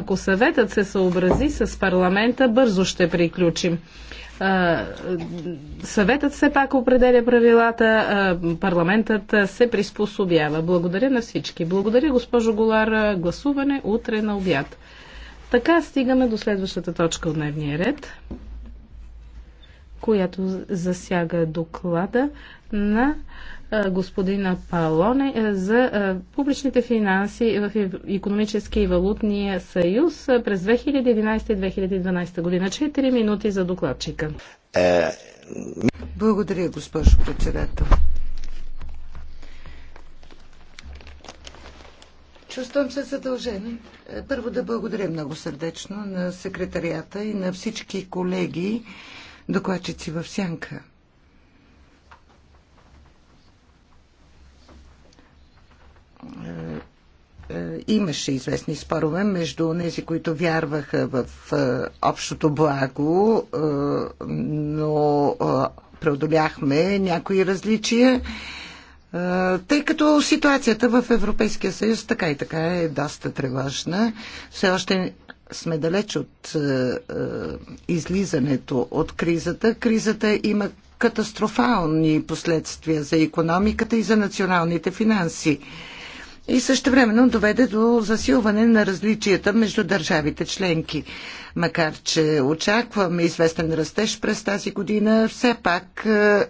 Ако съветът се съобрази с парламента, бързо ще приключим. Съветът все пак определя правилата, парламентът се приспособява. Благодаря на всички. Благодаря, госпожо Голар. Гласуване утре на обяд. Така стигаме до следващата точка от дневния ред, която засяга доклада на господина Палоне за публичните финанси в економически и валутния съюз през 2011 и 2012 година. Четири минути за докладчика. Е, благодаря, госпожо председател. Чувствам се задължена. Е, първо да благодаря много сърдечно на секретарията и на всички колеги, докладчици в Сянка. Е, е, имаше известни спорове между тези, които вярваха в е, общото благо, но преодоляхме някои различия, тъй като ситуацията в Европейския съюз така и така е доста тревожна. Все още сме далеч от излизането от кризата. Кризата има катастрофални последствия за економиката и за националните финанси и също времено доведе до засилване на различията между държавите членки. Макар, че очакваме известен растеж през тази година, все пак е, е,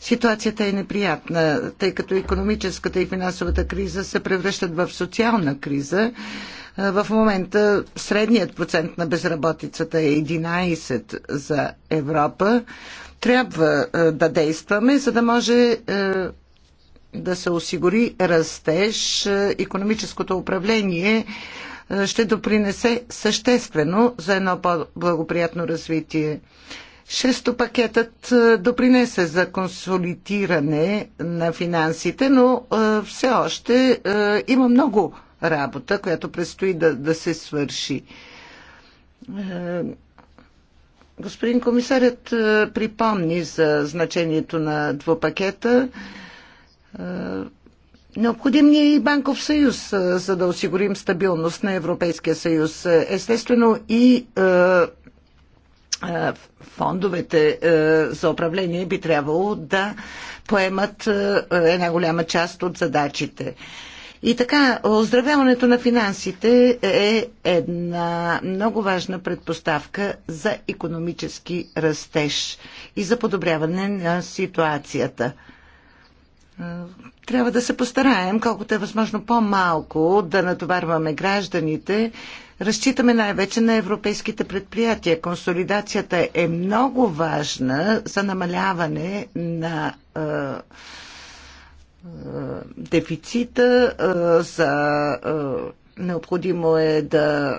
ситуацията е неприятна, тъй като економическата и финансовата криза се превръщат в социална криза. Е, в момента средният процент на безработицата е 11 за Европа. Трябва да действаме, за да може да се осигури растеж, економическото управление е, ще допринесе съществено за едно по-благоприятно развитие. Шесто пакетът е, допринесе за консолидиране на финансите, но е, все още има много работа, която предстои да, да се свърши. Господин комисарят припомни за значението на двупакета. пакета е, необходим ни е и банков съюз, е, за да осигурим стабилност на Европейския съюз. Е, естествено и фондовете за управление би трябвало да поемат една голяма част от задачите. И така, оздравяването на финансите е една много важна предпоставка за економически растеж и за подобряване на ситуацията трябва да се постараем, колкото е възможно по-малко, да натоварваме гражданите. Разчитаме най-вече на европейските предприятия. Консолидацията е много важна за намаляване на е, дефицита, е, за необходимо е да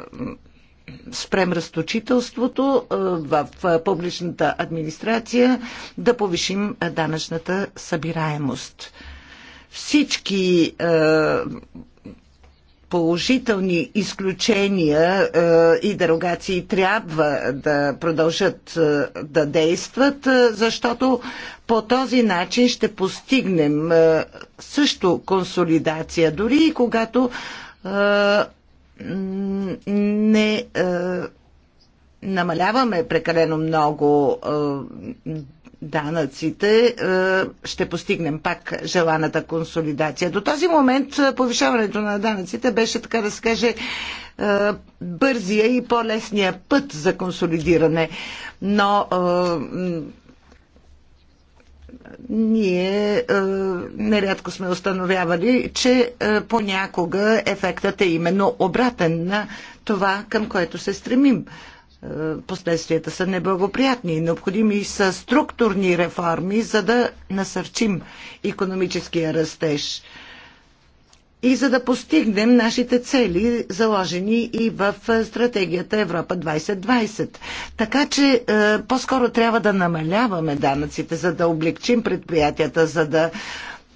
спрем разточителството в публичната администрация, да повишим данъчната събираемост. Всички положителни изключения и дерогации трябва да продължат да действат, защото по този начин ще постигнем също консолидация, дори и когато не е, намаляваме прекалено много е, данъците, е, ще постигнем пак желаната консолидация. До този момент повишаването на данъците беше, така да се каже, бързия и по-лесния път за консолидиране. Но ние а, е, нерядко сме установявали, че а, е, понякога ефектът е именно обратен на това, към което се стремим. А, е, последствията са неблагоприятни. Необходими са структурни реформи, за да насърчим економическия растеж и за да постигнем нашите цели, заложени и в стратегията Европа 2020. Така че по-скоро трябва да намаляваме данъците, за да облегчим предприятията, за да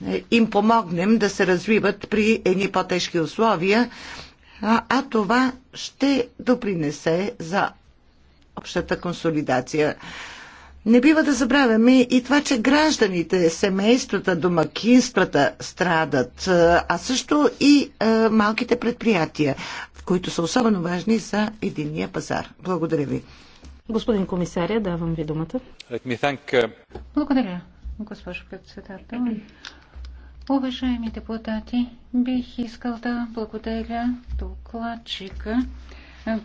е, им помогнем да се развиват при едни по-тежки условия, а, а това ще допринесе за общата консолидация. Не бива да забравяме и това, че гражданите, семействата, домакинствата страдат, а също и малките предприятия, които са особено важни за единния пазар. Благодаря ви. Господин комисаря, давам ви думата. Thank... Uh, благодаря, госпожо председател. Уважаеми депутати, бих искал да благодаря докладчика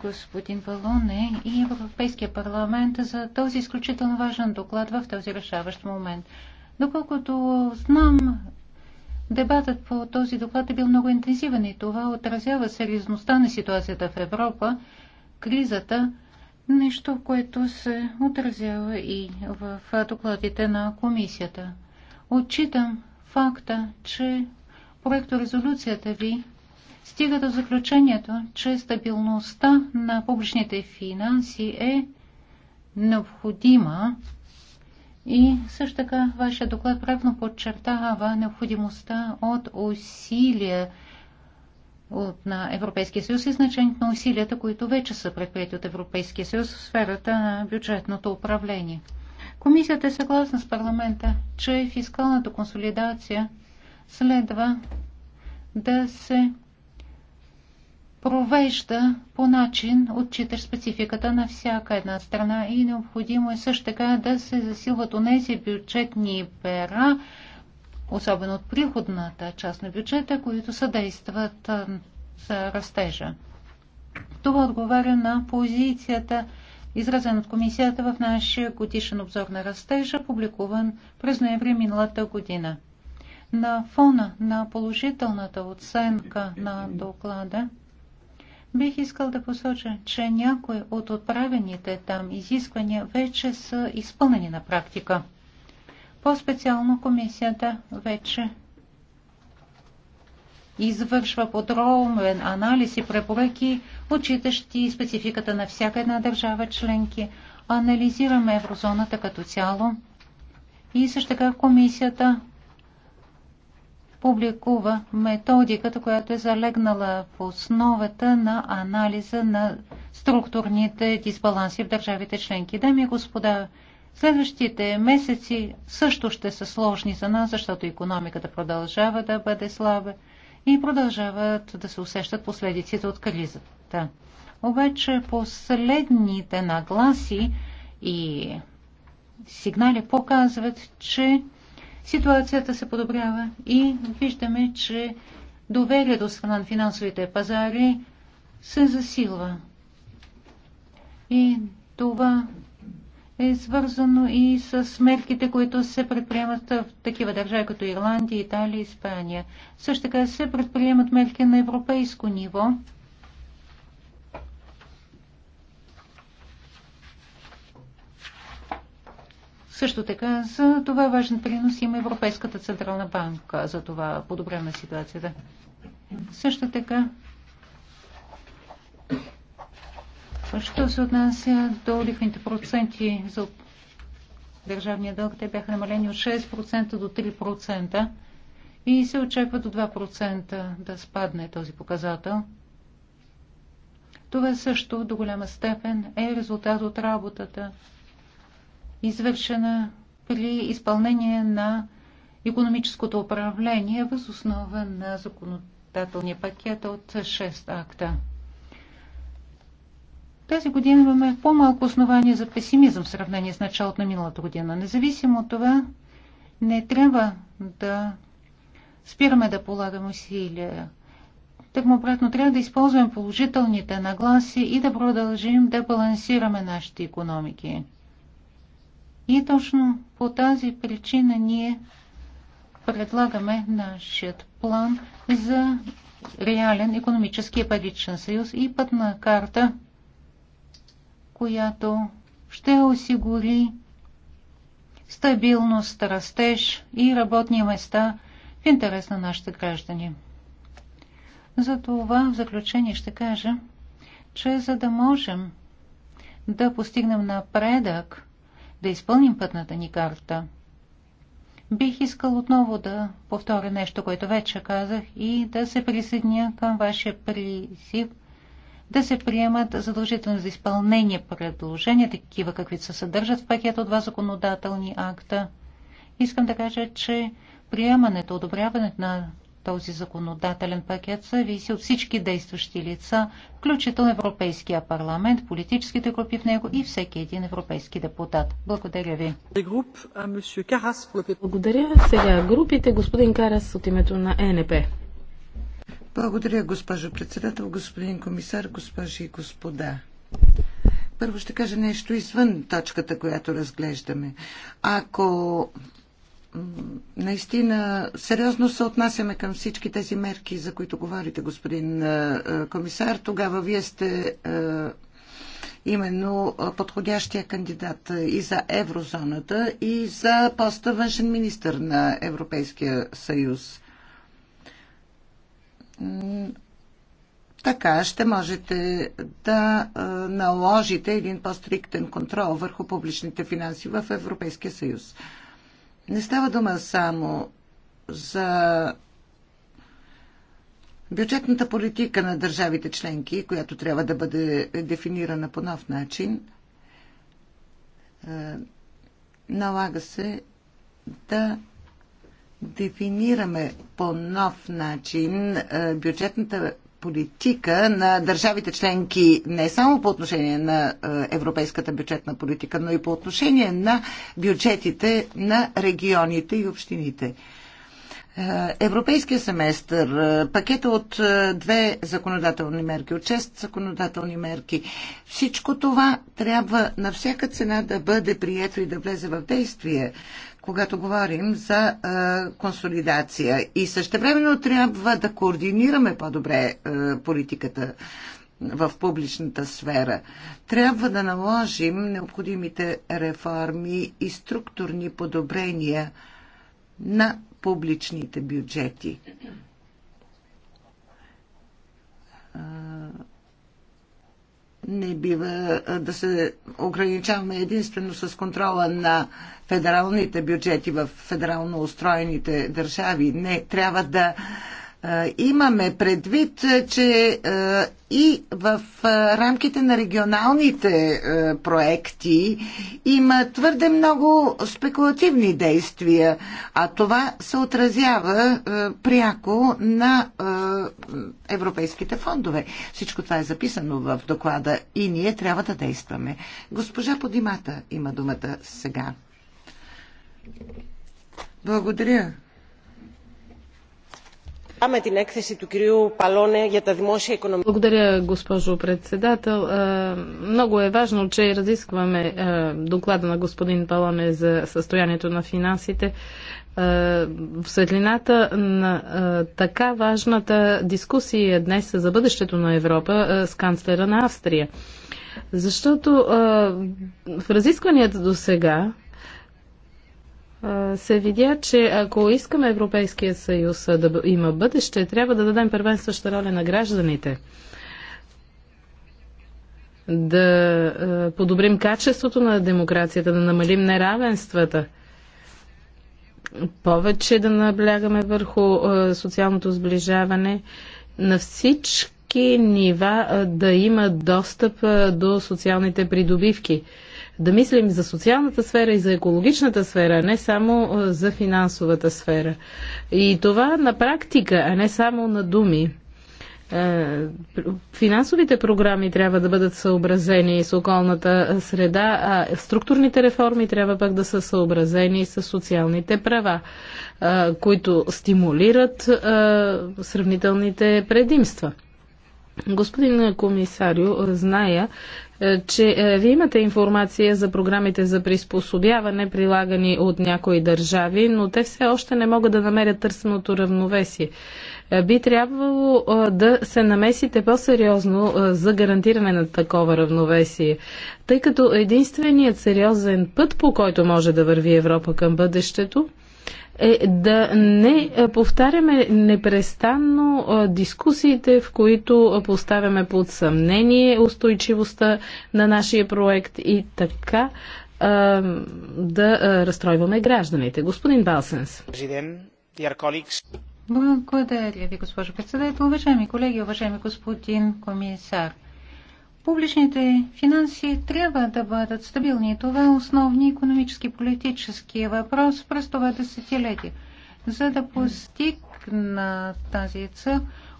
господин Валоне и Европейския парламент за този изключително важен доклад в този решаващ момент. Доколкото знам, дебатът по този доклад е бил много интензивен и това отразява сериозността на ситуацията в Европа, кризата, нещо, което се отразява и в докладите на комисията. Отчитам факта, че проекторезолюцията ви стига до заключението, че стабилността на публичните финанси е необходима и също така вашия доклад правилно подчертава необходимостта от усилия от, на Европейския съюз и значението на усилията, които вече са предприяти от Европейския съюз в сферата на бюджетното управление. Комисията е съгласна с парламента, че фискалната консолидация следва да се провежда по начин, отчита спецификата на всяка една страна и необходимо е също така да се засилват онези бюджетни пера, особено от приходната част на бюджета, които съдействат за растежа. Това отговаря на позицията, изразена от комисията в нашия годишен обзор на растежа, публикуван през ноември миналата година. На фона на положителната оценка на доклада, Бих искал да посоча, че някои от отправените там изисквания вече са изпълнени на практика. По-специално комисията вече извършва подробен анализ и препоръки, отчитащи спецификата на всяка една държава членки. Анализираме еврозоната като цяло и също така комисията публикува методиката, която е залегнала в основата на анализа на структурните дисбаланси в държавите членки. Дами и господа, следващите месеци също ще са сложни за нас, защото економиката продължава да бъде слаба и продължават да се усещат последиците от кризата. Обаче последните нагласи и сигнали показват, че ситуацията се подобрява и виждаме, че доверието страна на финансовите пазари се засилва. И това е свързано и с мерките, които се предприемат в такива държави, като Ирландия, Италия, Испания. Също така се предприемат мерки на европейско ниво Също така за това важен принос има Европейската Централна банка, за това на ситуацията. Също така, що се отнася до лихвените проценти за държавния дълг, те бяха намалени от 6% до 3% и се очаква до 2% да спадне този показател. Това също до голяма степен е резултат от работата извършена при изпълнение на економическото управление въз основа на законодателния пакет от 6 акта. Тази година имаме по-малко основания за песимизъм в сравнение с началото на миналата година. Независимо от това, не трябва да спираме да полагаме усилия. Тъкмо обратно, трябва да използваме положителните нагласи и да продължим да балансираме нашите економики. И точно по тази причина ние предлагаме нашият план за реален економически и паричен съюз и пътна карта, която ще осигури стабилност, растеж и работни места в интерес на нашите граждани. За това в заключение ще кажа, че за да можем да постигнем напредък да изпълним пътната ни карта. Бих искал отново да повторя нещо, което вече казах и да се присъединя към вашия призив да се приемат задължително за изпълнение предложения, такива каквито се съдържат в пакет от два законодателни акта. Искам да кажа, че приемането, одобряването на този законодателен пакет зависи от всички действащи лица, включително Европейския парламент, политическите групи в него и всеки един европейски депутат. Благодаря ви. Благодаря сега групите. Господин Карас от името на ЕНП. Благодаря, госпожо председател, господин комисар, госпожи и господа. Първо ще кажа нещо извън точката, която разглеждаме. Ако наистина сериозно се отнасяме към всички тези мерки, за които говорите, господин е, е, комисар, тогава вие сте е, именно подходящия кандидат и за еврозоната, и за поста външен министр на Европейския съюз. Така ще можете да наложите един по-стриктен контрол върху публичните финанси в Европейския съюз. Не става дума само за бюджетната политика на държавите членки, която трябва да бъде дефинирана по нов начин. Е, налага се да дефинираме по нов начин е, бюджетната политика на държавите членки не само по отношение на е, европейската бюджетна политика, но и по отношение на бюджетите на регионите и общините. Е, европейския семестър, е, пакета от две законодателни мерки, от шест законодателни мерки. Всичко това трябва на всяка цена да бъде прието и да влезе в действие когато говорим за а, консолидация. И същевременно трябва да координираме по-добре а, политиката в публичната сфера. Трябва да наложим необходимите реформи и структурни подобрения на публичните бюджети не бива да се ограничаваме единствено с контрола на федералните бюджети в федерално устроените държави. Не, трябва да имаме предвид, че и в рамките на регионалните проекти има твърде много спекулативни действия, а това се отразява пряко на европейските фондове. Всичко това е записано в доклада и ние трябва да действаме. Госпожа Подимата има думата сега. Благодаря, благодаря, госпожо председател. Е, много е важно, че разискваме е, доклада на господин Палоне за състоянието на финансите е, в светлината на така важната дискусия днес за бъдещето на Европа с канцлера на Австрия. Защото в разискванията до сега се видя, че ако искаме Европейския съюз да има бъдеще, трябва да дадем първенстваща роля на гражданите. Да подобрим качеството на демокрацията, да намалим неравенствата, повече да наблягаме върху социалното сближаване на всички нива да има достъп до социалните придобивки да мислим за социалната сфера и за екологичната сфера, а не само за финансовата сфера. И това на практика, а не само на думи. Е, финансовите програми трябва да бъдат съобразени с околната среда, а структурните реформи трябва пък да са съобразени с социалните права, е, които стимулират е, сравнителните предимства. Господин комисарио, зная, е, че е, вие имате информация за програмите за приспособяване, прилагани от някои държави, но те все още не могат да намерят търсеното равновесие. Е, би трябвало да се намесите по-сериозно за гарантиране на такова равновесие, тъй като единственият сериозен път, по който може да върви Европа към бъдещето, е да не е, повтаряме непрестанно е, дискусиите, в които е, поставяме под съмнение устойчивостта на нашия проект и така да разстройваме гражданите. Господин Балсенс. Благодаря ви, госпожо председател. Уважаеми колеги, уважаеми господин комисар. Публичните финанси трябва да бъдат стабилни. Това е основни економически и политически въпрос през това десетилетие. За да постигна тази цел,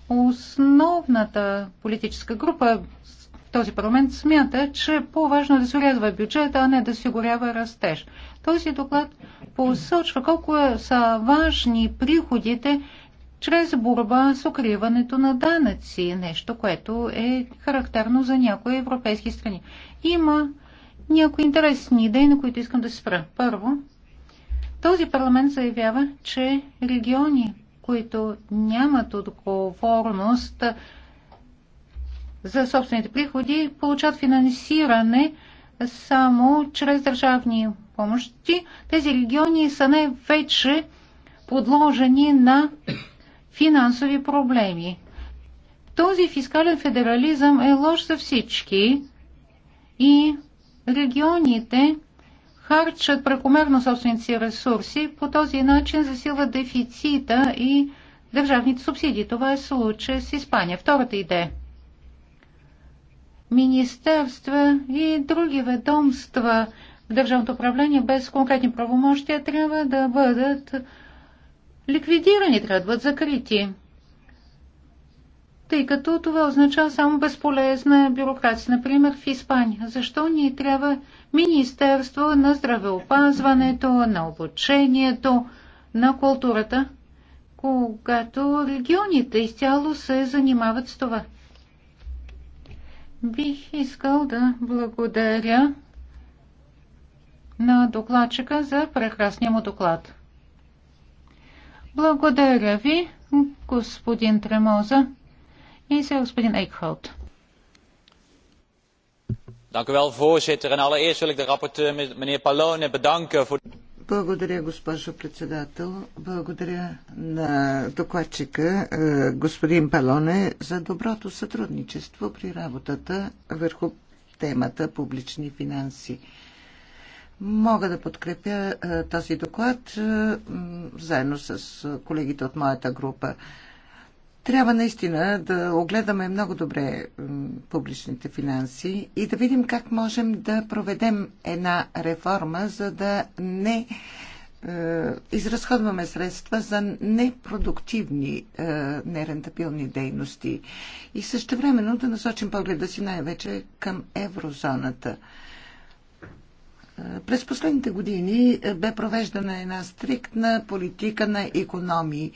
основната политическа група в този парламент смята, че е по-важно да се урязва бюджета, а не да се горява растеж. Този доклад посочва колко са важни приходите чрез борба с укриването на данъци, нещо, което е характерно за някои европейски страни. Има някои интересни идеи, на които искам да се спра. Първо, този парламент заявява, че региони, които нямат отговорност за собствените приходи, получат финансиране само чрез държавни помощи. Тези региони са най-вече подложени на финансови проблеми. Този фискален федерализъм е лош за всички и регионите харчат прекомерно собствените ресурси, по този начин засилват дефицита и държавните субсидии. Това е случай с Испания. Втората идея. Министерства и други ведомства в държавното управление без конкретни правомощия трябва да бъдат ликвидирани, трябва да бъдат закрити. Тъй като това означава само безполезна бюрокрация, например в Испания. Защо ни трябва Министерство на здравеопазването, на обучението, на културата, когато регионите изцяло се занимават с това? Бих искал да благодаря на докладчика за прекрасния му доклад. Благодаря ви, господин Тремоза. И сега господин Ейкхолт. Благодаря, госпожо председател. Благодаря на докладчика е, господин Палоне за доброто сътрудничество при работата върху темата публични финанси. Мога да подкрепя е, този доклад е, заедно с е, колегите от моята група. Трябва наистина да огледаме много добре публичните финанси и да видим как можем да проведем една реформа, за да не изразходваме средства за непродуктивни, нерентабилни дейности и също времено да насочим погледа си най-вече към еврозоната – през последните години е, бе провеждана една стриктна политика на економии.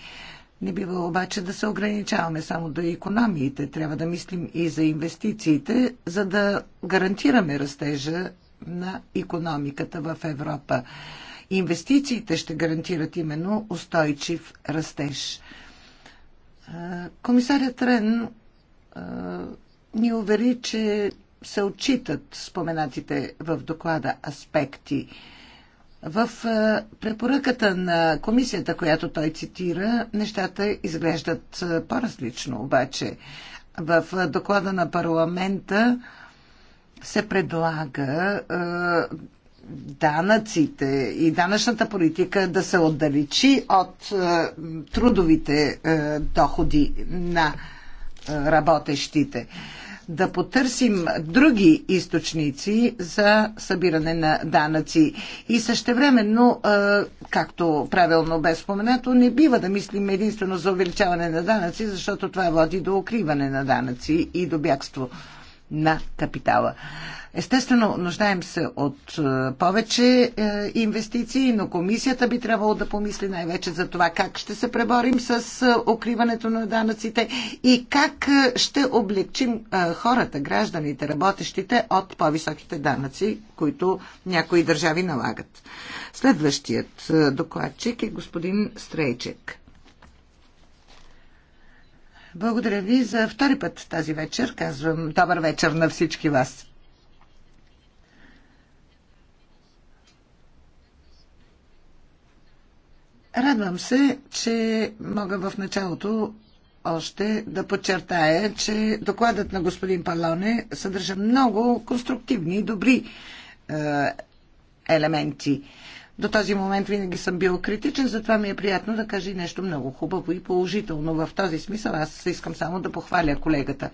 Не бива обаче да се ограничаваме само до економиите. Трябва да мислим и за инвестициите, за да гарантираме растежа на економиката в Европа. Инвестициите ще гарантират именно устойчив растеж. Е, комисарят Рен е, ни увери, че се отчитат споменатите в доклада аспекти. В е, препоръката на комисията, която той цитира, нещата изглеждат е, по-различно обаче. В е, доклада на парламента се предлага е, данъците и данъчната политика да се отдалечи от е, трудовите е, доходи на работещите да потърсим други източници за събиране на данъци. И същевременно, както правилно бе споменато, не бива да мислим единствено за увеличаване на данъци, защото това води до укриване на данъци и до бягство на капитала. Естествено, нуждаем се от е, повече е, инвестиции, но комисията би трябвало да помисли най-вече за това как ще се преборим с е, укриването на данъците и как ще облегчим хората, гражданите, работещите от по-високите данъци, които някои държави налагат. Следващият докладчик е господин Стрейчек. Благодаря ви за втори път тази вечер. Казвам добър вечер на всички вас. Радвам се, че мога в началото още да подчертая, че докладът на господин Палоне съдържа много конструктивни и добри е, елементи. До този момент винаги съм бил критичен, затова ми е приятно да кажа и нещо много хубаво и положително. В този смисъл аз искам само да похваля колегата.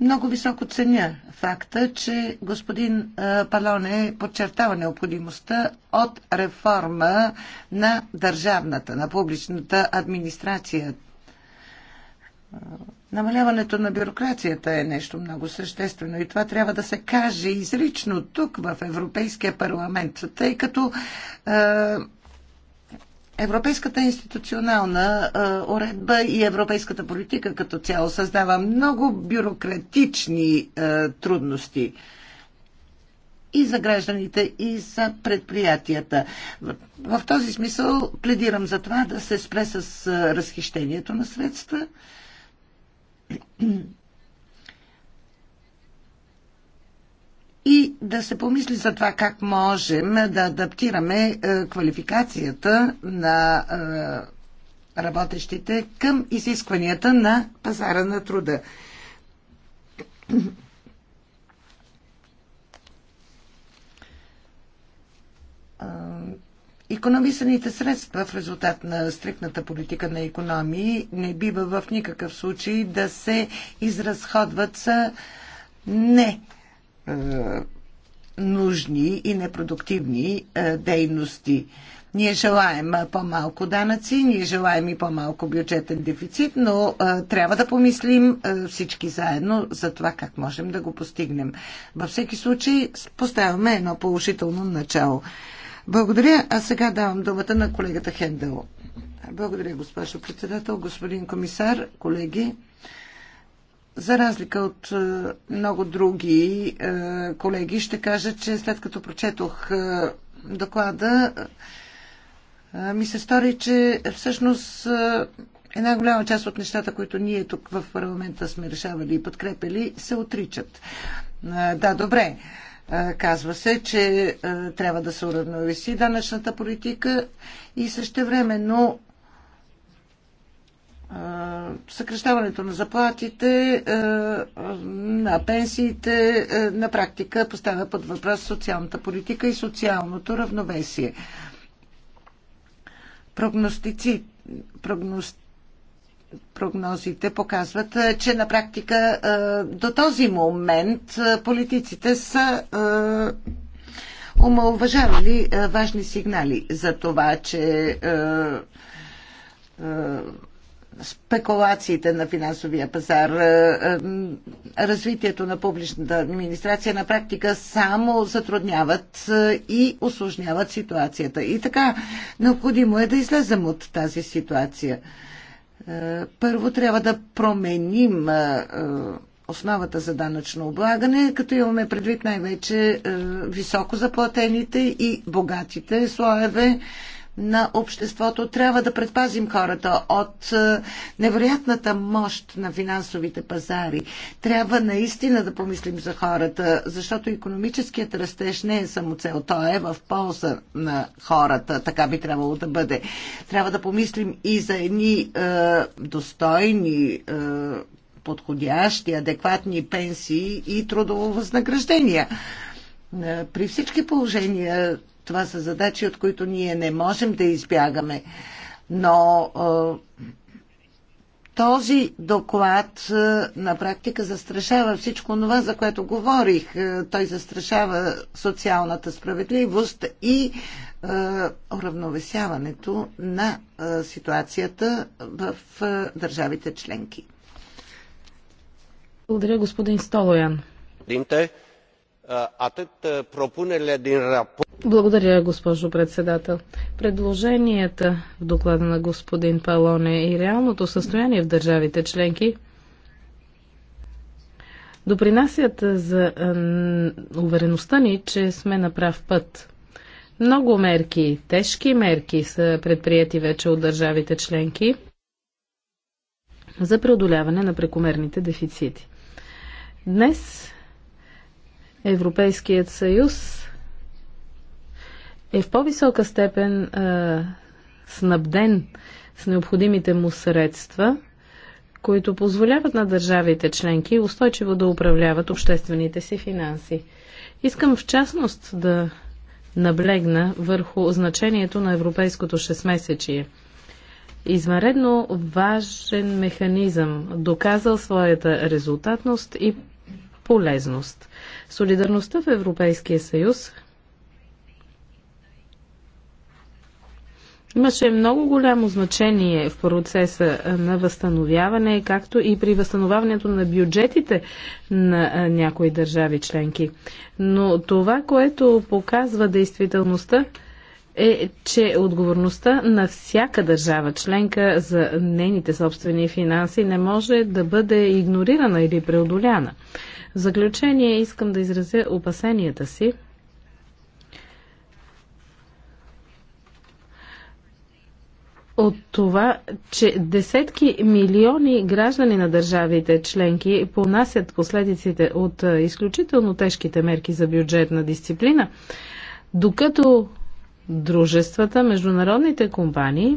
Много високо ценя факта, че господин Палоне подчертава необходимостта от реформа на държавната, на публичната администрация. Намаляването на бюрокрацията е нещо много съществено и това трябва да се каже изрично тук в Европейския парламент, тъй като е, Европейската институционална е, уредба и европейската политика като цяло създава много бюрократични е, трудности и за гражданите, и за предприятията. В, в този смисъл пледирам за това да се спре с е, разхищението на средства и да се помисли за това как можем да адаптираме е, квалификацията на е, работещите към изискванията на пазара на труда. Економисаните средства в резултат на стрикната политика на економии не бива в никакъв случай да се изразходват са не е, нужни и непродуктивни е, дейности. Ние желаем по-малко данъци, ние желаем и по-малко бюджетен дефицит, но е, трябва да помислим е, всички заедно за това как можем да го постигнем. Във всеки случай поставяме едно положително начало. Благодаря. А сега давам думата на колегата Хендел. Благодаря, госпожо председател, господин комисар, колеги. За разлика от е, много други е, колеги, ще кажа, че след като прочетох е, доклада, ми се стори, че всъщност една голяма част от нещата, които ние тук в парламента сме решавали и подкрепили, се отричат. Да, добре. Казва се, че трябва да се уравновеси данъчната политика и същевременно съкрещаването на заплатите, на пенсиите на практика поставя под въпрос социалната политика и социалното равновесие. Прогностици, прогност прогнозите показват, е, че на практика е, до този момент е, политиците са омалуважавали важни сигнали за това, че спекулациите на финансовия пазар, развитието на публичната администрация на практика само затрудняват и осложняват ситуацията. И така, необходимо е да излезем от тази ситуация. Е, първо трябва да променим е, е, основата за данъчно облагане, като имаме предвид най-вече високо заплатените и богатите слоеве на обществото. Трябва да предпазим хората от е, невероятната мощ на финансовите пазари. Трябва наистина да помислим за хората, защото економическият растеж не е само цел. Той е в полза на хората. Така би трябвало да бъде. Трябва да помислим и за едни е, достойни е, подходящи, адекватни пенсии и трудово възнаграждение. При всички положения това са задачи, от които ние не можем да избягаме. Но този доклад на практика застрашава всичко това, за което говорих. Той застрашава социалната справедливост и уравновесяването на ситуацията в държавите членки. Благодаря, господин Столоян. Динте, благодаря, госпожо председател. Предложенията в доклада на господин Палоне и реалното състояние в държавите членки допринасят за увереността ни, че сме на прав път. Много мерки, тежки мерки са предприяти вече от държавите членки за преодоляване на прекомерните дефицити. Днес Европейският съюз е в по-висока степен а, снабден с необходимите му средства, които позволяват на държавите членки устойчиво да управляват обществените си финанси. Искам в частност да наблегна върху значението на европейското 6-месечие. Извънредно важен механизъм, доказал своята резултатност и полезност. Солидарността в Европейския съюз имаше много голямо значение в процеса на възстановяване, както и при възстановяването на бюджетите на някои държави членки. Но това, което показва действителността, е, че отговорността на всяка държава членка за нейните собствени финанси не може да бъде игнорирана или преодоляна. В заключение искам да изразя опасенията си, от това, че десетки милиони граждани на държавите членки понасят последиците от изключително тежките мерки за бюджетна дисциплина, докато дружествата, международните компании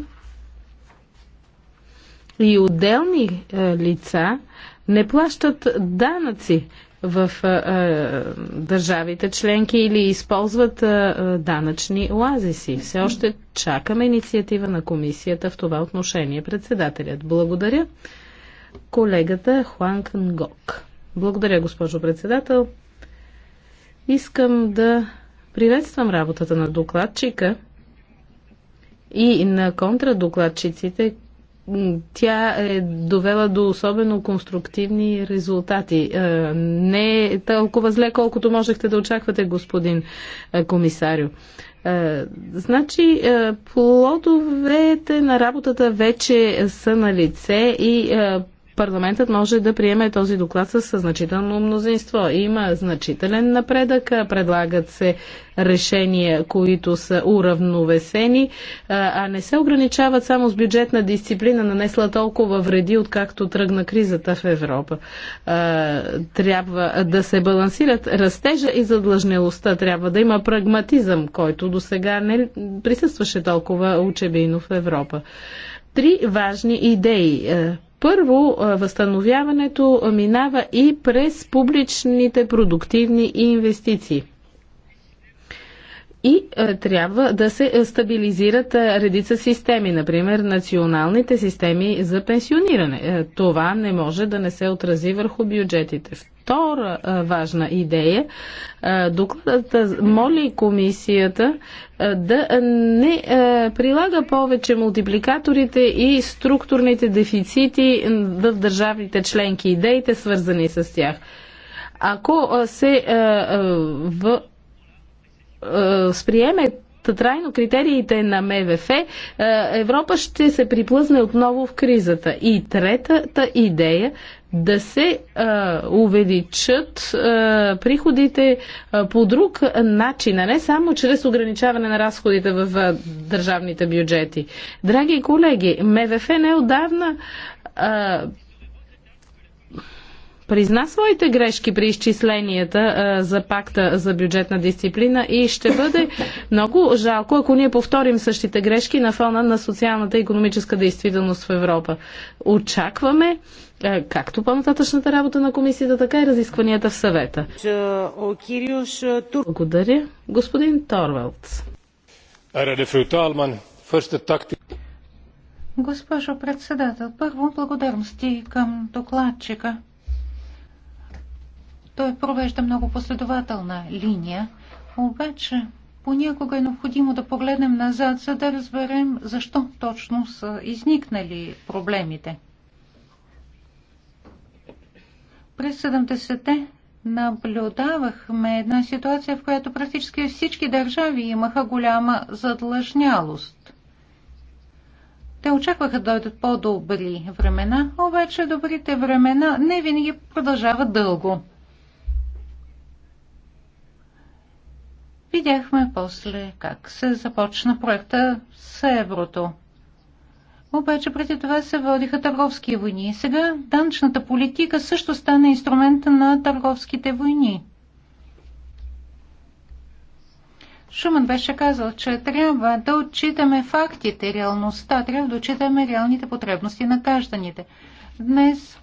и отделни е, лица не плащат данъци в е, е, държавите членки или използват данъчни оазиси. Все още чакаме инициатива на комисията в това отношение. Председателят, благодаря. Колегата Хуан Кангок. Благодаря, госпожо председател. Искам да Приветствам работата на докладчика и на контрадокладчиците. Тя е довела до особено конструктивни резултати. Е, не е толкова зле, колкото можехте да очаквате, господин е, комисарио. Е, значи, плодовете на работата вече са на лице и парламентът може да приеме този доклад със значително мнозинство. Има значителен напредък, предлагат се решения, които са уравновесени, а не се ограничават само с бюджетна дисциплина, нанесла толкова вреди, откакто тръгна кризата в Европа. Трябва да се балансират растежа и задлъжнелостта. Трябва да има прагматизъм, който до сега не присъстваше толкова учебейно в Европа. Три важни идеи първо, е, възстановяването минава и през публичните продуктивни инвестиции. И е, трябва да се е, стабилизират е, редица системи, например националните системи за пенсиониране. Е, това не може да не се отрази върху бюджетите. Втора е, важна идея. Е, докладът е, моли комисията е, да не е, прилага повече мултипликаторите и структурните дефицити в държавните членки, идеите свързани с тях ако е, се в, е, сприеме трайно критериите на МВФ, е, Европа ще се приплъзне отново в кризата. И третата идея да се а, е, увеличат а, приходите а, по друг начин, а не само чрез ограничаване на разходите в а, държавните бюджети. Драги колеги, МВФ неодавна а, призна своите грешки при изчисленията а, за пакта за бюджетна дисциплина и ще бъде много жалко, ако ние повторим същите грешки на фона на социалната и економическа действителност в Европа. Очакваме както по-нататъчната работа на комисията, така и разискванията в съвета. Благодаря. Господин Торвалдс. Госпожо председател, първо благодарности към докладчика. Той провежда много последователна линия, обаче понякога е необходимо да погледнем назад, за да разберем защо точно са изникнали проблемите. През 70-те наблюдавахме една ситуация, в която практически всички държави имаха голяма задлъжнялост. Те очакваха да дойдат по-добри времена, обаче добрите времена не винаги продължават дълго. Видяхме после как се започна проекта с еврото. Обаче преди това се водиха търговски войни. Сега данчната политика също стана инструмент на търговските войни. Шуман беше казал, че трябва да отчитаме фактите, реалността, трябва да отчитаме реалните потребности на гражданите. Днес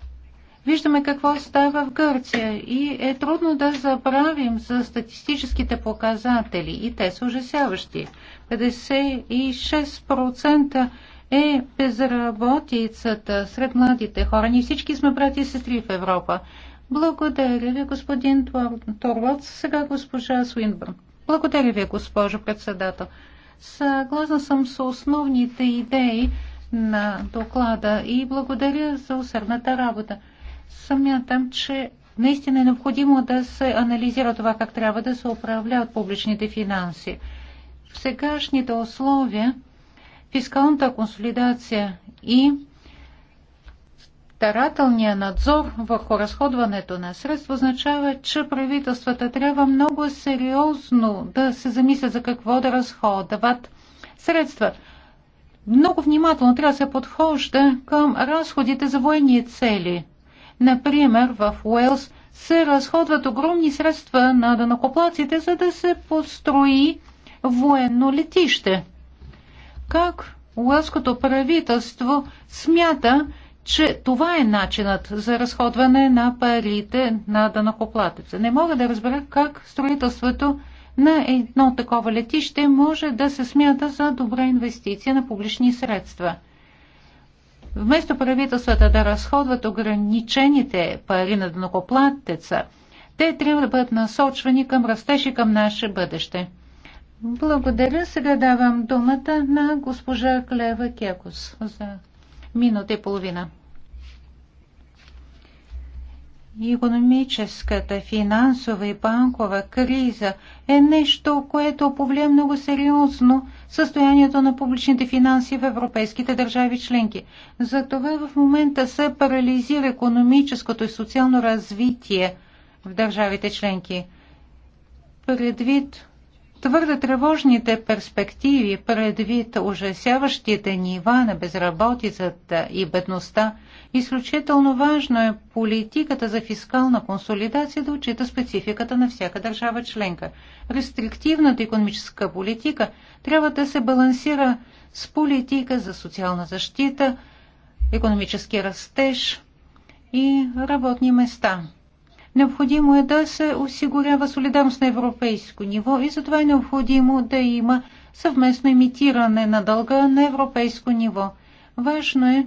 Виждаме какво става в Гърция и е трудно да забравим за статистическите показатели и те са ужасяващи. 56% е безработицата сред младите хора. Ние всички сме брати и сестри в Европа. Благодаря ви, господин Торвалц. Сега госпожа Свинбърн. Благодаря ви, госпожо председател. Съгласна съм с основните идеи на доклада и благодаря за усърдната работа. Съмнятам, че наистина е необходимо да се анализира това как трябва да се управляват публичните финанси. В сегашните условия фискалната консолидация и старателният надзор върху разходването на средства означава, че правителствата трябва много сериозно да се замислят за какво да разходват средства. Много внимателно трябва да се подхожда към разходите за военни цели. Например, в Уелс се разходват огромни средства на данокоплаците, за да се построи военно летище. Как Уелското правителство смята, че това е начинът за разходване на парите на данокоплатеца. Не мога да разбера как строителството на едно такова летище може да се смята за добра инвестиция на публични средства – Вместо правителствата да разходват ограничените пари на днокоплатеца, те трябва да бъдат насочвани към растеж и към наше бъдеще. Благодаря. Сега давам думата на госпожа Клева Кекос за минута и половина. Економическата, финансова и банкова криза е нещо, което повлия много сериозно състоянието на публичните финанси в европейските държави членки. Затова в момента се парализира економическото и социално развитие в държавите членки. Предвид Твърде тревожните перспективи предвид ужасяващите нива на безработицата и бедността, изключително важно е политиката за фискална консолидация да отчита спецификата на всяка държава членка. Рестриктивната економическа политика трябва да се балансира с политика за социална защита, економически растеж и работни места. Необходимо е да се осигурява солидарност на европейско ниво и затова е необходимо да има съвместно имитиране на дълга на европейско ниво. Важно е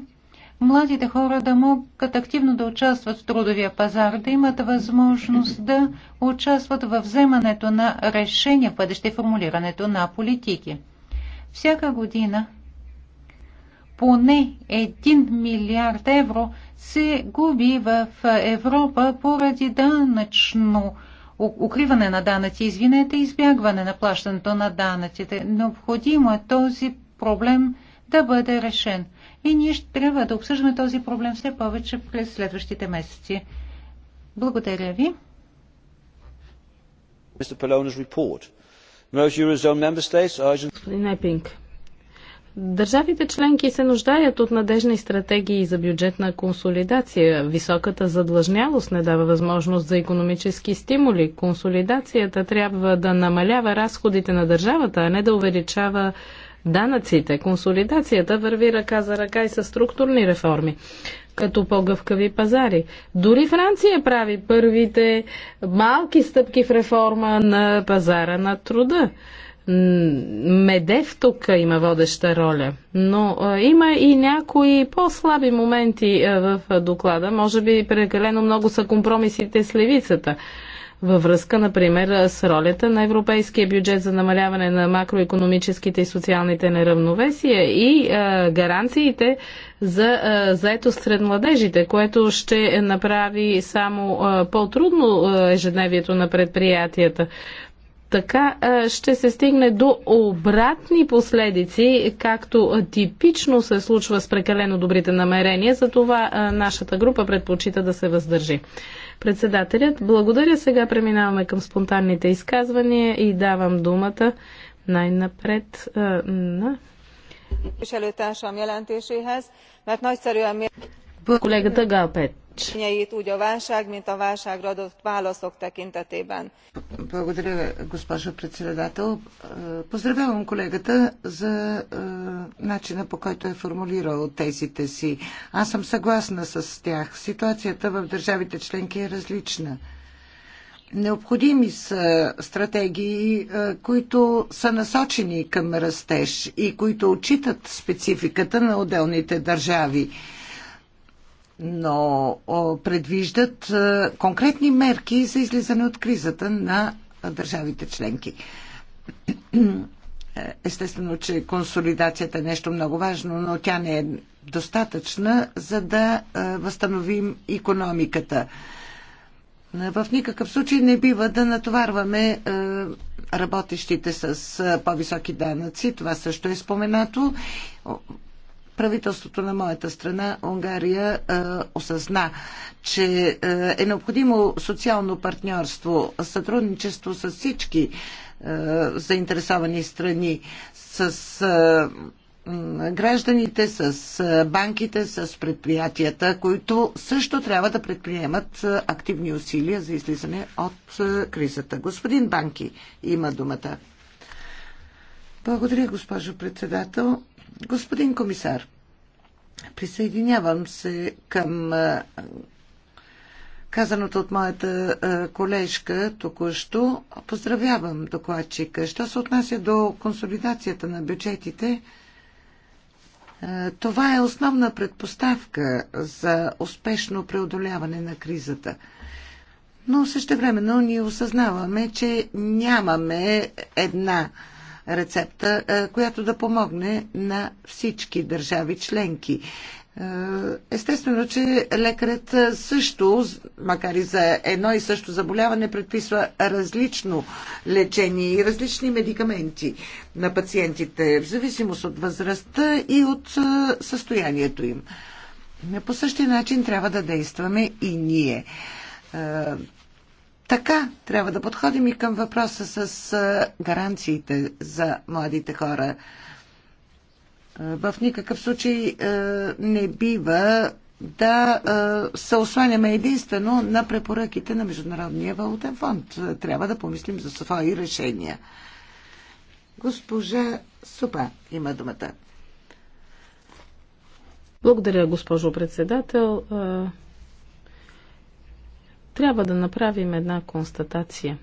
младите хора да могат активно да участват в трудовия пазар, да имат възможност да участват във вземането на решения в бъдеще формулирането на политики. Всяка година поне 1 милиард евро се губи в Европа поради данъчно укриване на данъци, извинете, избягване на плащането на данъците. Необходимо е този проблем да бъде решен. И ние ще трябва да обсъждаме този проблем все повече през следващите месеци. Благодаря ви. Господин Епинг, Държавите членки се нуждаят от надежни стратегии за бюджетна консолидация. Високата задлъжнялост не дава възможност за економически стимули. Консолидацията трябва да намалява разходите на държавата, а не да увеличава данъците. Консолидацията върви ръка за ръка и с структурни реформи като по-гъвкави пазари. Дори Франция прави първите малки стъпки в реформа на пазара на труда. Медев тук има водеща роля, но има и някои по-слаби моменти в доклада. Може би прекалено много са компромисите с левицата във връзка, например, с ролята на европейския бюджет за намаляване на макроекономическите и социалните неравновесия и а, гаранциите за заето заетост сред младежите, което ще направи само по-трудно ежедневието на предприятията. Така ще се стигне до обратни последици, както типично се случва с прекалено добрите намерения. За това нашата група предпочита да се въздържи. Председателят, благодаря. Сега преминаваме към спонтанните изказвания и давам думата най-напред на колегата Галпет eredményeit úgy a válság mint a válságra adott válaszok tekintetében. Благодаря, госпожо председател. Поздравявам колегата за е, начина по който е формулирал тезите си. Аз съм съгласна с тях. Ситуацията в държавите членки е различна. Необходими са стратегии, е, които са насочени към растеж и които отчитат спецификата на отделните държави но предвиждат е, конкретни мерки за излизане от кризата на държавите членки. Е, естествено, че консолидацията е нещо много важно, но тя не е достатъчна, за да е, възстановим економиката. В никакъв случай не бива да натоварваме работещите с по-високи данъци. Това също е споменато правителството на моята страна, Унгария, е, осъзна, че е, е необходимо социално партньорство, сътрудничество с всички е, заинтересовани страни, с е, гражданите, с е, банките, с предприятията, които също трябва да предприемат активни усилия за излизане от кризата. Господин Банки има думата. Благодаря, госпожо председател. Господин комисар, присъединявам се към казаното от моята колежка току-що. Поздравявам докладчика. Що се отнася до консолидацията на бюджетите, това е основна предпоставка за успешно преодоляване на кризата. Но същевременно ние осъзнаваме, че нямаме една рецепта, е, която да помогне на всички държави членки. Е, естествено, че лекарят също, макар и за едно и също заболяване, предписва различно лечение и различни медикаменти на пациентите, в зависимост от възрастта и от е, състоянието им. По същия начин трябва да действаме и ние така трябва да подходим и към въпроса с гаранциите за младите хора. В никакъв случай не бива да се осланяме единствено на препоръките на Международния валутен фонд. Трябва да помислим за свои решения. Госпожа Супа има думата. Благодаря, госпожо председател трябва да направим една констатация.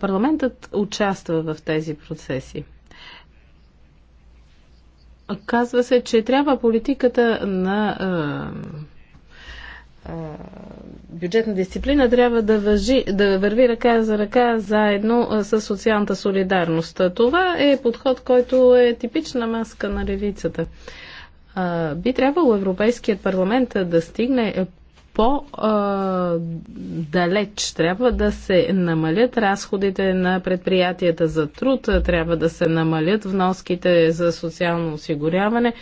Парламентът участва в тези процеси. Казва се, че трябва политиката на бюджетна дисциплина трябва да, въжи, да върви ръка за ръка заедно с социалната солидарност. Това е подход, който е типична маска на левицата. би трябвало Европейският парламент да стигне по-далеч. Трябва да се намалят разходите на предприятията за труд, трябва да се намалят вноските за социално осигуряване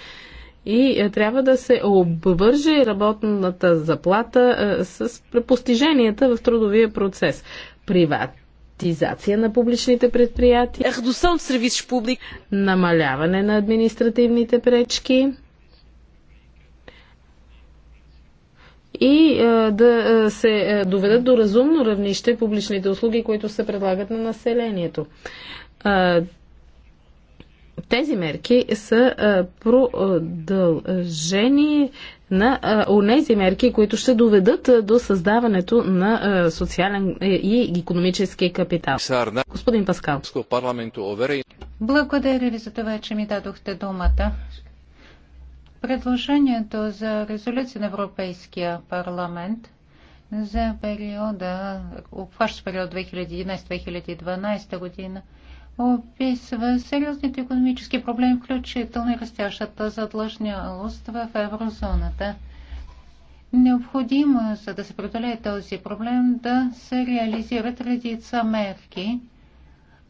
и е, трябва да се обвърже работната заплата е, с постиженията в трудовия процес. Приват приватизация на публичните предприятия, намаляване на административните пречки, и е, да е, се е, доведат до разумно равнище публичните услуги, които се предлагат на населението. Тези мерки са продължени на онези мерки, които ще доведат до създаването на социален и економически капитал. Господин Паскал. Благодаря ви за това, че ми дадохте думата. Предложението за резолюция на Европейския парламент за периода, обхващащ период 2011-2012 година, описва сериозните економически проблеми, включително и растящата задлъжнялост в еврозоната. Необходимо, е, за да се преодолее този проблем, да се реализират редица мерки,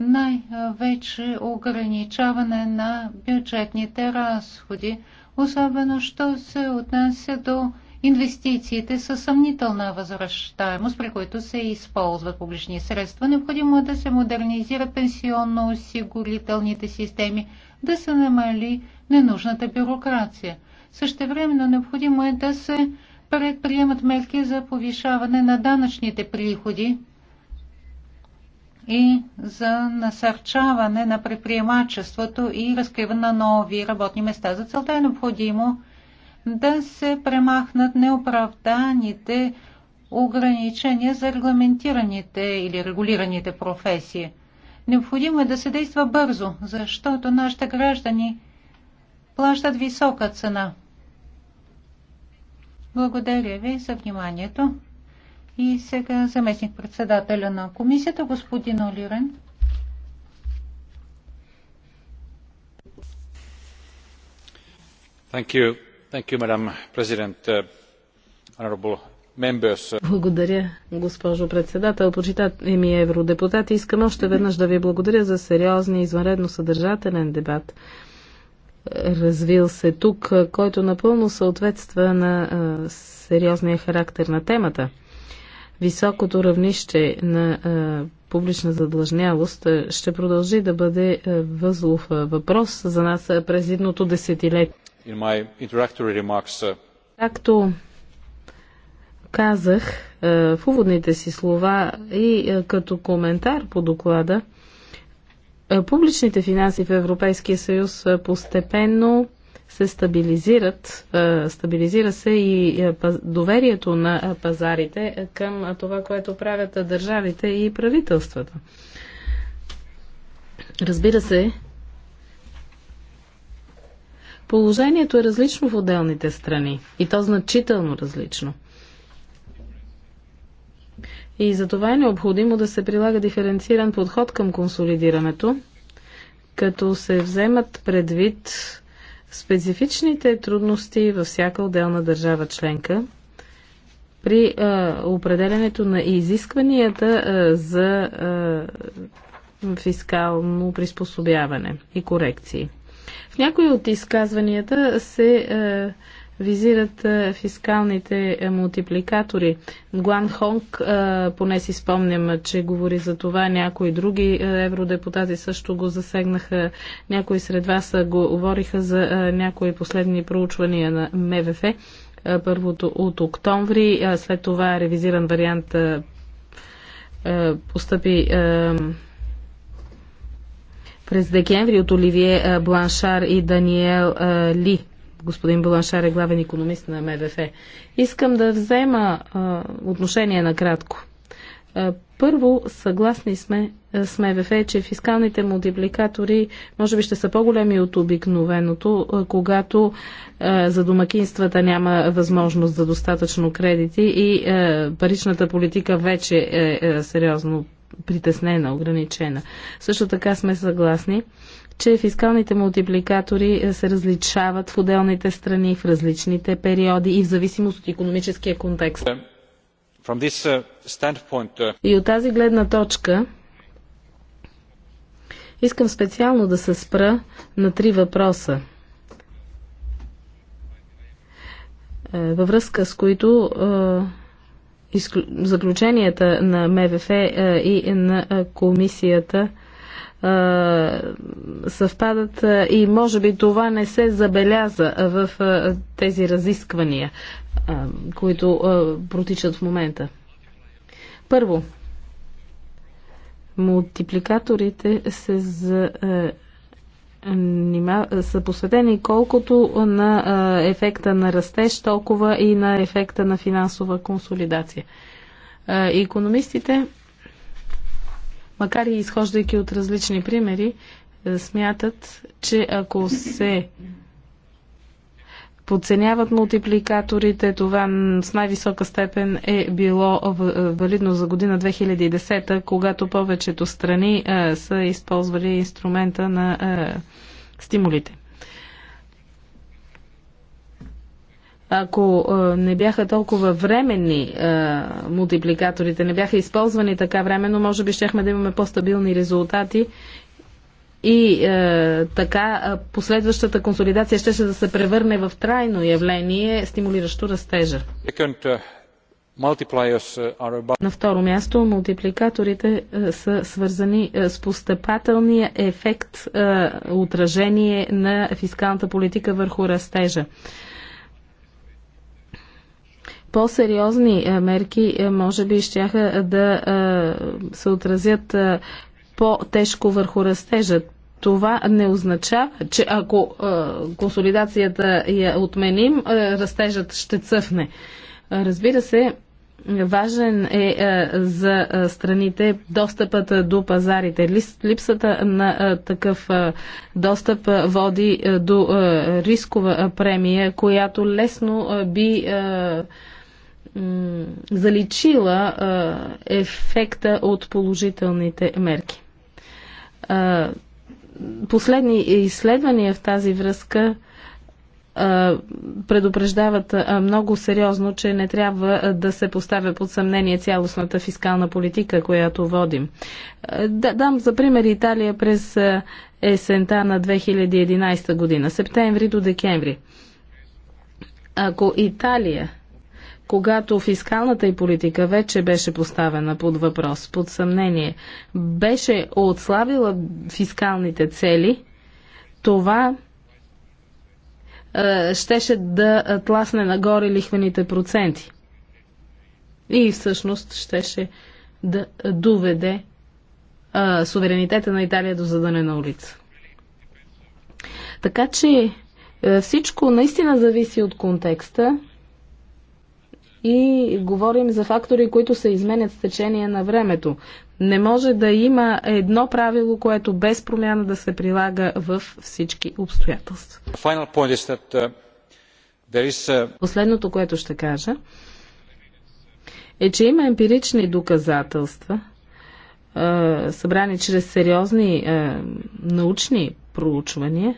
най-вече ограничаване на бюджетните разходи, особено що се отнася до инвестициите със съмнителна възвръщаемост, при които се използват публични средства. Необходимо е да се модернизират пенсионно-осигурителните системи, да се намали ненужната бюрокрация. Същевременно необходимо е да се предприемат мерки за повишаване на данъчните приходи и за насърчаване на предприемачеството и разкриване на нови работни места. За целта е необходимо да се премахнат неоправданите ограничения за регламентираните или регулираните професии. Необходимо е да се действа бързо, защото нашите граждани плащат висока цена. Благодаря ви за вниманието. И сега заместник председателя на комисията, господин Олирен. Thank you. Thank you, uh, благодаря, госпожо председател. ми евродепутати, искам още веднъж да ви благодаря за сериозния и извънредно съдържателен дебат, развил се тук, който напълно съответства на сериозния характер на темата високото равнище на публична задлъжнявост ще продължи да бъде възлов въпрос за нас през едното десетилетие. Uh, Както казах в уводните си слова и като коментар по доклада, публичните финанси в Европейския съюз постепенно се стабилизират, стабилизира се и доверието на пазарите към това, което правят държавите и правителствата. Разбира се, положението е различно в отделните страни и то значително различно. И за това е необходимо да се прилага диференциран подход към консолидирането, като се вземат предвид специфичните трудности във всяка отделна държава членка при а, определенето на изискванията а, за а, фискално приспособяване и корекции. В някои от изказванията се а, визират е, фискалните е, мултипликатори. Глан Хонг, е, поне си спомням, че говори за това, някои други евродепутати също го засегнаха, някои сред вас го говориха за някои последни проучвания на МВФ. Първото от октомври, след това ревизиран вариант постъпи през декември от Оливие Бланшар и Даниел Ли господин Баланшар, е главен економист на МВФ. Искам да взема а, отношение на кратко. А, първо, съгласни сме а, с МВФ, че фискалните мултипликатори може би ще са по-големи от обикновеното, а, когато а, за домакинствата няма възможност за достатъчно кредити и а, паричната политика вече е а, е, сериозно притеснена, ограничена. Също така сме съгласни, че фискалните мултипликатори е, се различават в отделните страни, в различните периоди и в зависимост от економическия контекст. Uh, uh, и от тази гледна точка искам специално да се спра на три въпроса. Е, във връзка с които е, изклю... заключенията на МВФ и на комисията съвпадат и може би това не се забеляза в тези разисквания, които протичат в момента. Първо, мултипликаторите се за, са посветени колкото на ефекта на растеж, толкова и на ефекта на финансова консолидация. Економистите макар и изхождайки от различни примери, е, смятат, че ако се подценяват мултипликаторите. Това с най-висока степен е било е, валидно за година 2010, когато повечето страни е, са използвали инструмента на стимулите. Ако не бяха толкова временни мултипликаторите, не бяха използвани така временно, може би щяхме да имаме по-стабилни резултати и е, така последващата консолидация ще се да се превърне в трайно явление, стимулиращо растежа. Uh, uh, на второ място, мултипликаторите е, са свързани е, с постъпателния ефект е, отражение на фискалната политика върху растежа. Е, по-сериозни е, мерки е, може би ще да е, се отразят по-тежко върху растежа. Това не означава, че ако консолидацията я отменим, растежът ще цъфне. Разбира се, Важен е за страните достъпът до пазарите. Липсата на такъв достъп води до рискова премия, която лесно би заличила ефекта от положителните мерки. Последни изследвания в тази връзка предупреждават много сериозно, че не трябва да се поставя под съмнение цялостната фискална политика, която водим. дам за пример Италия през есента на 2011 година, септември до декември. Ако Италия когато фискалната и политика вече беше поставена под въпрос, под съмнение, беше отслабила фискалните цели, това е, щеше да тласне нагоре лихвените проценти. И всъщност щеше да доведе е, суверенитета на Италия до задане на улица. Така че е, всичко наистина зависи от контекста и говорим за фактори, които се изменят с течение на времето. Не може да има едно правило, което без промяна да се прилага в всички обстоятелства. Uh, uh, Последното, което ще кажа, е, че има емпирични доказателства, събрани чрез сериозни научни проучвания,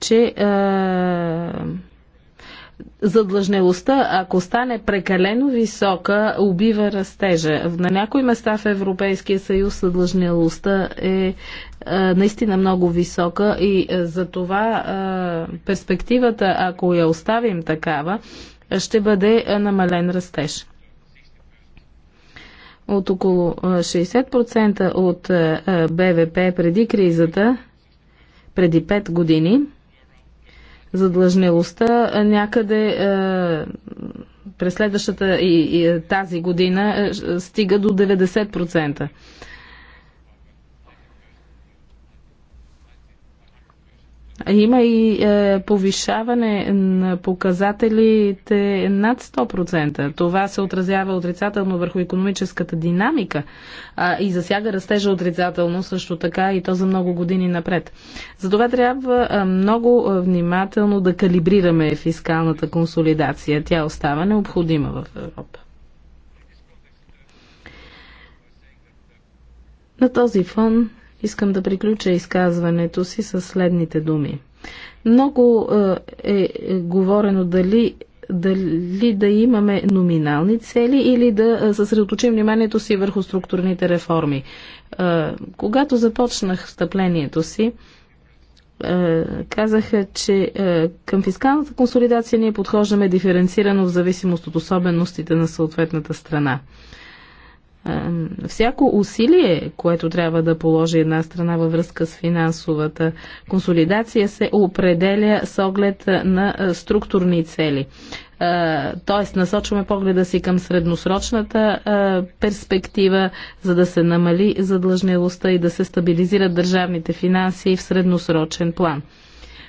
че задлъжнелостта, ако стане прекалено висока, убива растежа. На някои места в Европейския съюз задлъжнелостта е, е наистина много висока и е, за това е, перспективата, ако я оставим такава, ще бъде намален растеж от около 60% от БВП преди кризата, преди 5 години, задлъжнелостта някъде през следващата и, и тази година стига до 90%. Има и е, повишаване на показателите над 100%. Това се отразява отрицателно върху економическата динамика а, и засяга растежа отрицателно също така и то за много години напред. Затова трябва а, е, много е, внимателно да калибрираме фискалната консолидация. Тя остава необходима в Европа. На този фон Искам да приключа изказването си с следните думи. Много е, е говорено дали дали да имаме номинални цели или да е, съсредоточим вниманието си върху структурните реформи. Е, когато започнах встъплението си, казаха, че към фискалната консолидация ние подхождаме диференцирано в зависимост от особеностите на съответната страна всяко усилие, което трябва да положи една страна във връзка с финансовата консолидация, се определя с оглед на структурни цели. Тоест, насочваме погледа си към средносрочната перспектива, за да се намали задлъжнелостта и да се стабилизират държавните финанси в средносрочен план.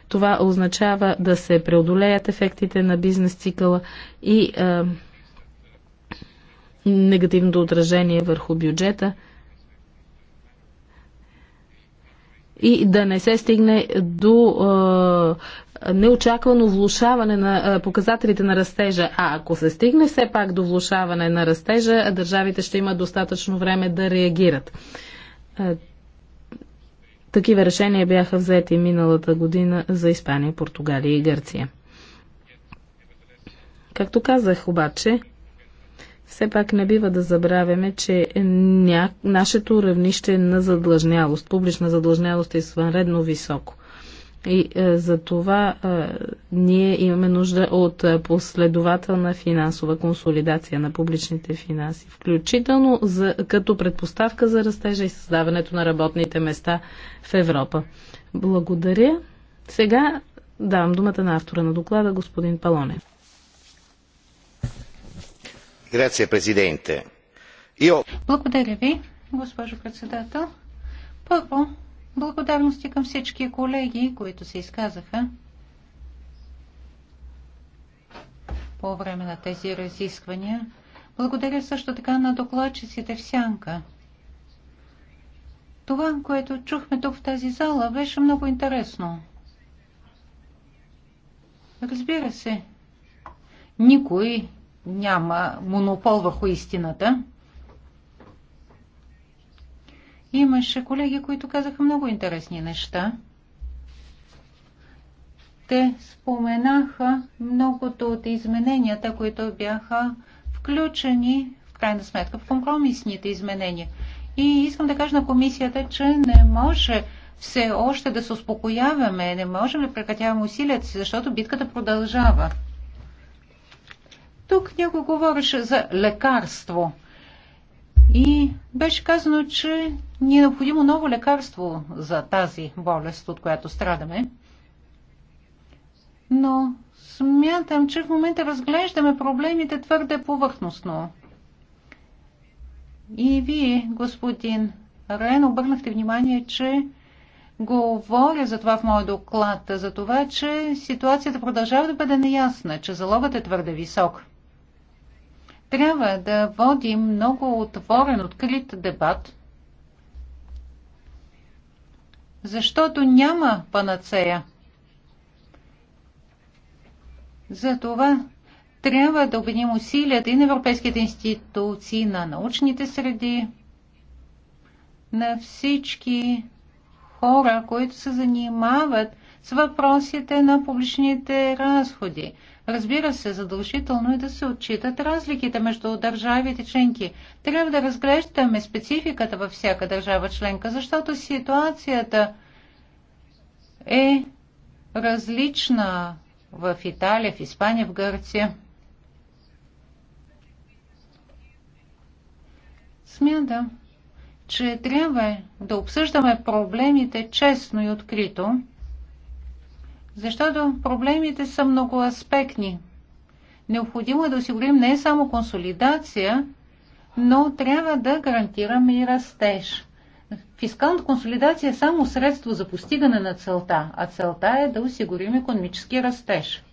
Това означава да се преодолеят ефектите на бизнес цикъла и негативното отражение върху бюджета и да не се стигне до е, неочаквано влушаване на е, показателите на растежа. А ако се стигне все пак до влушаване на растежа, държавите ще имат достатъчно време да реагират. такива решения бяха взети миналата година за Испания, Португалия и Гърция. Както казах обаче, все пак не бива да забравяме, че ня... нашето равнище на задлъжнялост, публична задлъжнялост е извънредно високо. И е, за това е, ние имаме нужда от е, последователна финансова консолидация на публичните финанси, включително за, като предпоставка за растежа и създаването на работните места в Европа. Благодаря. Сега давам думата на автора на доклада, господин Палонев. Благодаря ви, госпожо председател. Първо, благодарности към всички колеги, които се изказаха по време на тези разисквания. Благодаря също така на докладчиците в Сянка. Това, което чухме тук в тази зала, беше много интересно. Разбира се, никой няма монопол върху истината. Имаше колеги, които казаха много интересни неща. Те споменаха многото от измененията, които бяха включени в крайна сметка в компромисните изменения. И искам да кажа на комисията, че не може все още да се успокояваме, не можем да прекратяваме усилията си, защото битката продължава. Тук някой говореше за лекарство. И беше казано, че ни е необходимо ново лекарство за тази болест, от която страдаме. Но смятам, че в момента разглеждаме проблемите твърде повърхностно. И вие, господин Рен, обърнахте внимание, че говоря за това в моят доклад, за това, че ситуацията продължава да бъде неясна, че залогът е твърде висок. Трябва да водим много отворен, открит дебат, защото няма панацея. Затова трябва да обединим усилията и на европейските институции, на научните среди, на всички хора, които се занимават с въпросите на публичните разходи. Разбира се, задължително е да се отчитат разликите между държавите членки. Трябва да разглеждаме спецификата във всяка държава членка, защото ситуацията е различна в Италия, в Испания, в Гърция. Смятам, че трябва да обсъждаме проблемите честно и открито защото проблемите са многоаспектни. Необходимо е да осигурим не само консолидация, но трябва да гарантираме и растеж. Фискалната консолидация е само средство за постигане на целта, а целта е да осигурим економически растеж.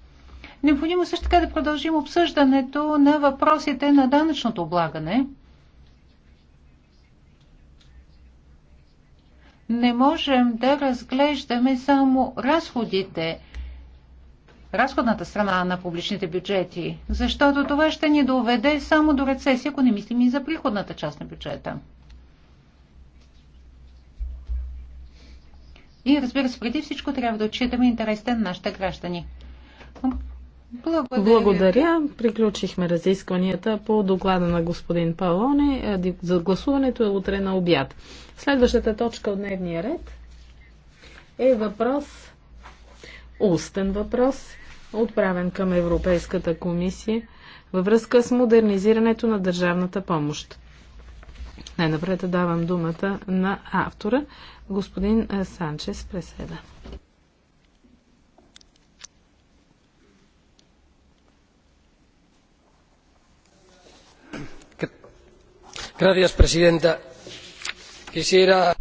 Необходимо е също така да продължим обсъждането на въпросите на данъчното облагане – не можем да разглеждаме само разходите, разходната страна на публичните бюджети, защото това ще ни доведе само до рецесия, ако не мислим и за приходната част на бюджета. И разбира се, преди всичко трябва да отчитаме интересите на нашите граждани. Благодаря. Благодаря. Приключихме разискванията по доклада на господин Павлони. Е, за гласуването е утре на обяд. Следващата точка от дневния ред е въпрос, устен въпрос, отправен към Европейската комисия във връзка с модернизирането на държавната помощ. Най-напред давам думата на автора, господин е, Санчес Преседа. señora presidenta quisiera